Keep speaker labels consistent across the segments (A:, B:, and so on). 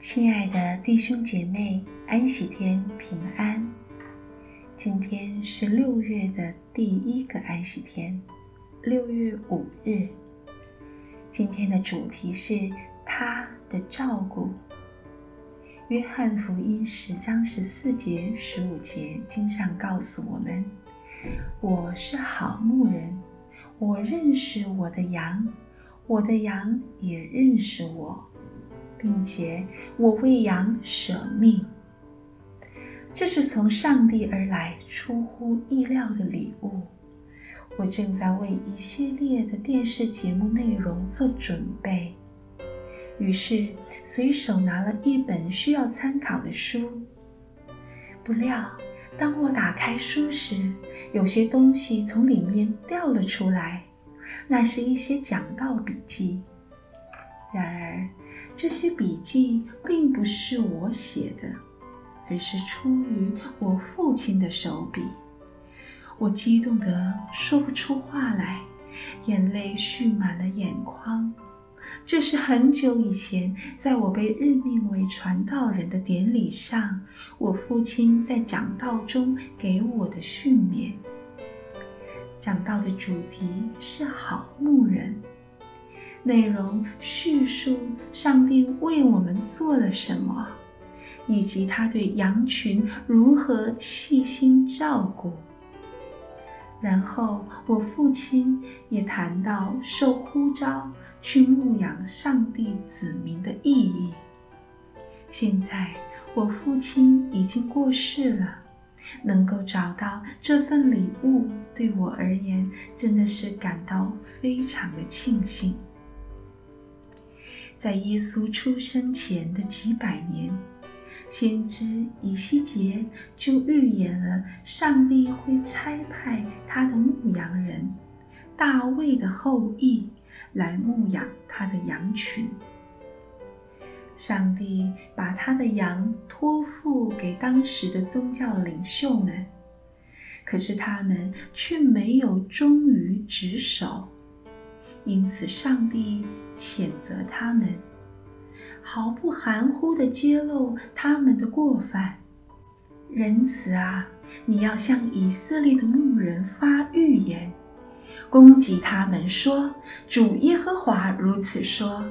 A: 親愛的弟兄姐妹，安息天平安。今天是六月的第一個安息天，六月五日。今天的主題是他的照顧。約翰福音十章十四節、十五節經上告訴我們：“我是好牧人，我認識我的羊，我的羊也認識我。”並且我為羊舍命，這是從上帝而來出乎意料的禮物。我正在為一系列的電視節目內容做準備，於是隨手拿了一本需要參考的書。不料，當我打開書時，有些東西從裡面掉了出來，那是一些講道筆記。然而，這些筆記並不是我寫的，而是出於我父親的手筆。我激動得說不出話來，眼淚蓄滿了眼眶。這是很久以前，在我被任命為傳道人的典禮上，我父親在講道中給我的訓勉。講道的主題是好牧。內容敘述上帝為我們做了什麼，以及他對羊群如何細心照顧。然後我父親也談到受呼召去牧養上帝子民的意義。現在我父親已經過世了，能夠找到這份禮物，對我而言真的是感到非常的慶幸。在耶穌出生前的幾百年，先知以西結就預言了上帝會差派他的牧羊人——大衛的後裔，來牧養他的羊群。上帝把他的羊托付給當時的宗教領袖們，可是他們卻沒有忠於職守。因此，上帝譴責他們，毫不含糊的揭露他們的過犯。人子啊，你要向以色列的牧人發預言，攻擊他們說：主耶和華如此說：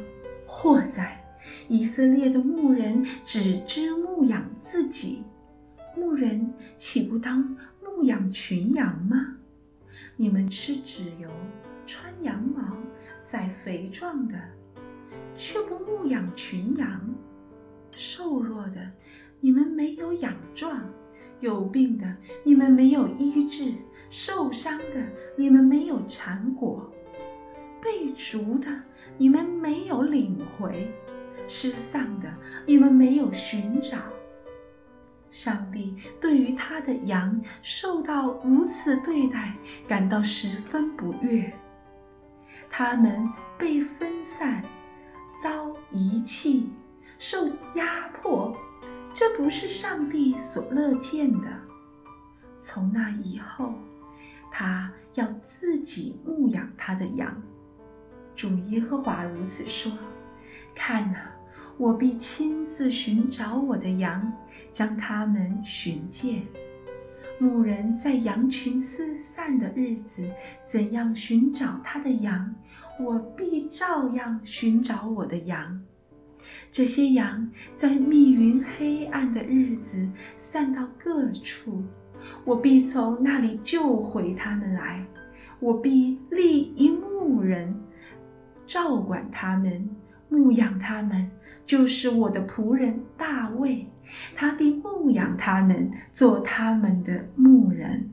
A: 禍哉，以色列的牧人只知牧養自己，牧人豈不當牧養群羊嗎？你們吃脂油。穿羊毛、宰肥壯的，卻不牧養群羊；瘦弱的，你們沒有養壯；有病的，你們沒有醫治；受傷的，你們沒有纏裹；被逐的，你們沒有領回；失喪的，你們沒有尋找。上帝對於他的羊受到如此對待，感到十分不悅。他們被分散，遭遺棄，受壓迫，這不是上帝所樂見的。從那以後，他要自己牧養他的羊。主耶和華如此說：“看哪，我必親自尋找我的羊，將他們尋見。牧人在羊群四散的日子，怎樣尋找他的羊？”我必照樣尋找我的羊，這些羊在密雲黑暗的日子散到各處，我必從那裡救回他們來。我必立一牧人照管他們，牧養他們，就是我的僕人大衛，他必牧養他們，做他們的牧人。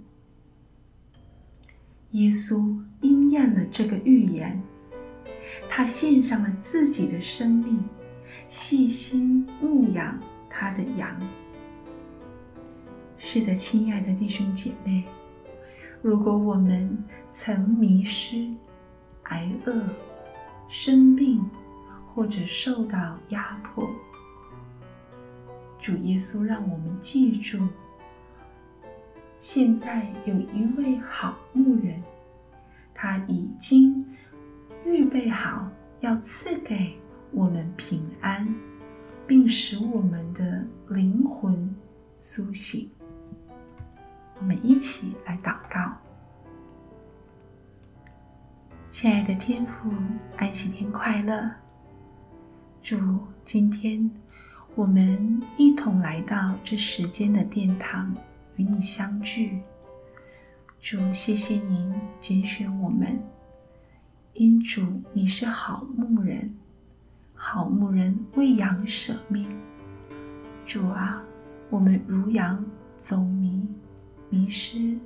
A: 耶穌應驗了這個預言。他獻上了自己的生命，細心牧養他的羊。是的，親愛的弟兄姐妹，如果我們曾迷失、挨餓、生病，或者受到壓迫，主耶穌讓我們記住，現在有一位好牧人，他已經。預備好，要賜給我們平安，並使我們的靈魂甦醒。我們一起來禱告，親愛的天父，安息天快樂。主，今天我們一同來到這時間的殿堂，與你相聚。主，謝謝您揀選我們。因主你是好牧人，好牧人為羊舍命。主啊，我們如羊走迷，迷失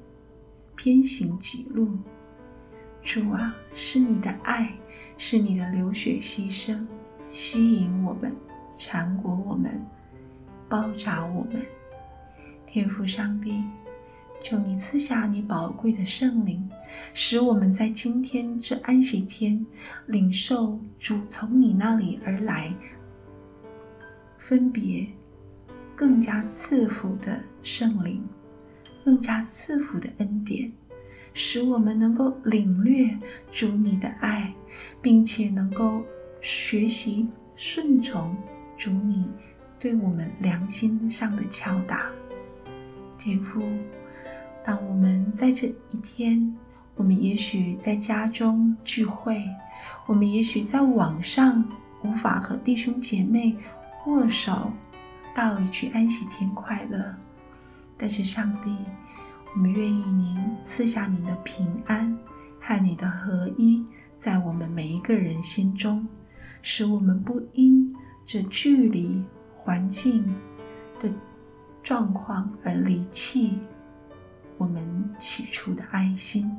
A: 偏行歧路。主啊，是你的愛，是你的流血犧牲，吸引我們，纏裹我們，包紮我們。天父上帝。求你賜下你寶貴的聖靈，使我們在今天這安息天領受主從你那裡而來、分別、更加賜福的聖靈，更加賜福的恩典，使我們能夠領略主你的愛，並且能夠學習順從主你對我們良心上的敲打，天父。當我們在這一天，我們也許在家中聚會，我們也許在網上無法和弟兄姐妹握手，道一句安息天快樂。但是，上帝，我們願意您賜下您的平安和你的合一，在我們每一個人心中，使我們不因這距離、環境的狀況而離棄。我們起初的愛心，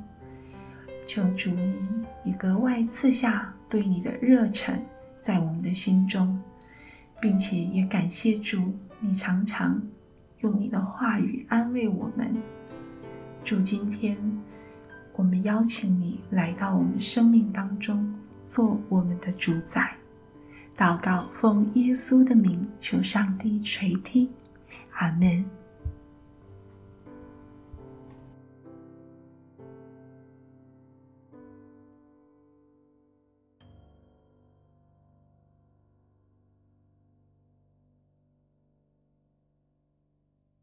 A: 求主你以格外賜下對你的熱忱，在我們的心中，並且也感謝主，你常常用你的話語安慰我們。主，今天我們邀請你來到我們的生命當中，做我們的主宰。禱告，奉耶穌的名，求上帝垂聽。阿門。